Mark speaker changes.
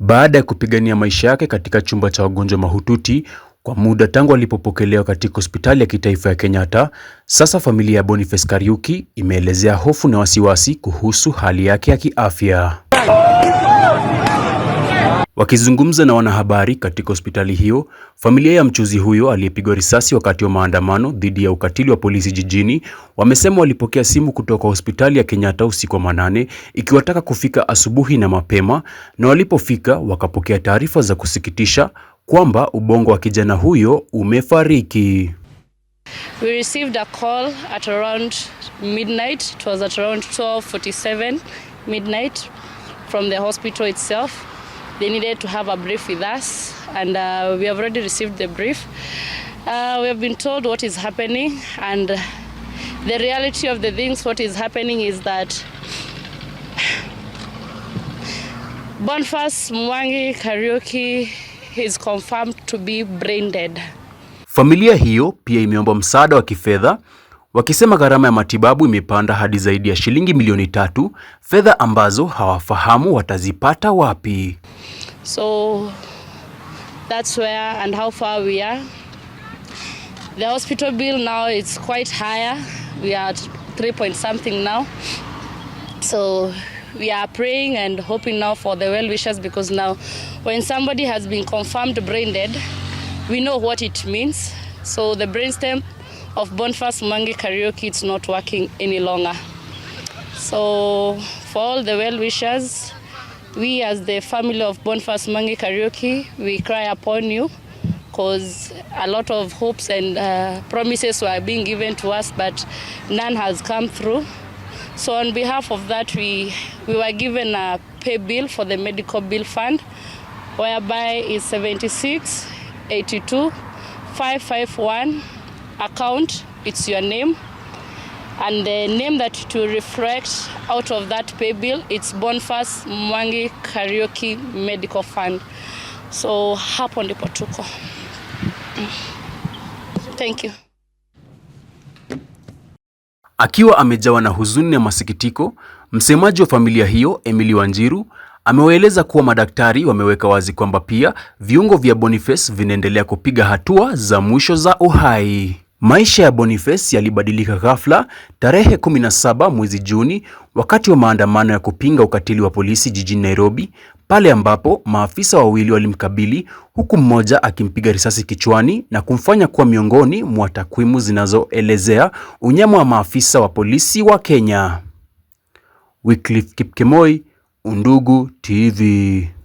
Speaker 1: baada ya kupigania maisha yake katika chumba cha wagonjwa mahututi kwa muda tangu alipopokelewa katika hospitali ya kitaifa ya Kenyatta. Sasa familia ya Boniface Kariuki imeelezea hofu na wasiwasi kuhusu hali yake ya kiafya. Wakizungumza na wanahabari katika hospitali hiyo, familia ya mchuzi huyo aliyepigwa risasi wakati wa maandamano dhidi ya ukatili wa polisi jijini, wamesema walipokea simu kutoka hospitali ya Kenyatta usiku wa manane ikiwataka kufika asubuhi na mapema, na walipofika wakapokea taarifa za kusikitisha kwamba ubongo wa kijana huyo umefariki.
Speaker 2: We received a call at around midnight. It was at around 12:47 midnight from the hospital itself. They needed to have a brief with us and uh, we have already received the brief. Uh, we have been told what is happening and the reality of the things what is happening is that Boniface Mwangi Kariuki is confirmed to be brain dead.
Speaker 1: Familia hiyo pia imeomba msaada wa kifedha wakisema gharama ya matibabu imepanda hadi zaidi ya shilingi milioni tatu, fedha ambazo hawafahamu watazipata wapi.
Speaker 2: So that's where and how far we are. The hospital bill now it's quite higher. We are at 3 point something now. So we are praying and hoping now for the well wishes because now when somebody has been confirmed brain dead, we know what it means. So the brainstem of bonfas Mwangi karaoke it's not working any longer. So for all the well wishers, we as the family of bonfas Mwangi karaoke, we cry upon you because a lot of hopes and uh, promises were being given to us but none has come through. So on behalf of that, we, we were given a pay bill for the medical bill fund whereby is 76 82 551 account, it's your name and the name that to reflect out of that pay bill it's Boniface Mwangi Karaoke Medical Fund. So hapo ndipo tuko. Thank you.
Speaker 1: Akiwa amejawa na huzuni na masikitiko, msemaji wa familia hiyo Emily Wanjiru amewaeleza kuwa madaktari wameweka wazi kwamba pia viungo vya Boniface vinaendelea kupiga hatua za mwisho za uhai. Maisha ya Boniface yalibadilika ghafla tarehe 17 mwezi Juni wakati wa maandamano ya kupinga ukatili wa polisi jijini Nairobi, pale ambapo maafisa wawili walimkabili huku mmoja akimpiga risasi kichwani na kumfanya kuwa miongoni mwa takwimu zinazoelezea unyama wa maafisa wa polisi wa Kenya. Wycliffe Kipkemoi, Undugu TV.